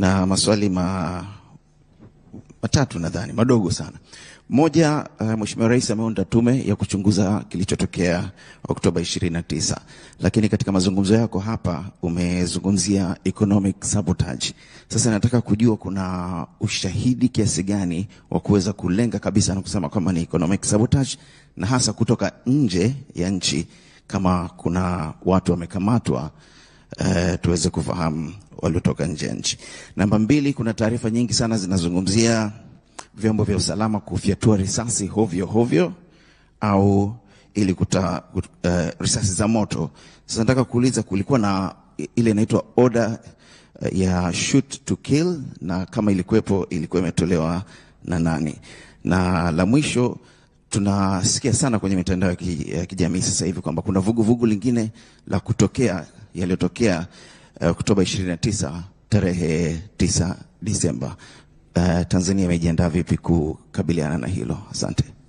na maswali ma, matatu nadhani madogo sana. Moja, uh, Mheshimiwa Rais ameunda tume ya kuchunguza kilichotokea Oktoba 29, lakini katika mazungumzo yako hapa umezungumzia economic sabotage. Sasa nataka kujua kuna ushahidi kiasi gani wa kuweza kulenga kabisa na kusema kwamba ni economic sabotage, na hasa kutoka nje ya nchi, kama kuna watu wamekamatwa, uh, tuweze kufahamu waliotoka nje ya nchi. Namba mbili, kuna taarifa nyingi sana zinazungumzia vyombo vya usalama kufyatua risasi hovyo hovyo au ili kuta, uh, risasi za moto. Sasa nataka kuuliza, kulikuwa na ile inaitwa order eh, ya shoot to kill, na kama ilikuwepo ilikuwa imetolewa na nani? Na la mwisho tunasikia sana kwenye mitandao ya kijamii sasa hivi kwamba kuna vuguvugu vugu lingine la kutokea yaliyotokea Eh, Oktoba 29 tarehe 9 Disemba. Uh, Tanzania imejiandaa vipi kukabiliana na hilo? Asante.